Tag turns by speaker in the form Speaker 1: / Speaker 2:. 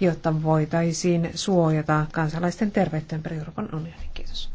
Speaker 1: jotta voitaisiin suojata kansalaisten terveyttä ympäri Euroopan unionin. Kiitos.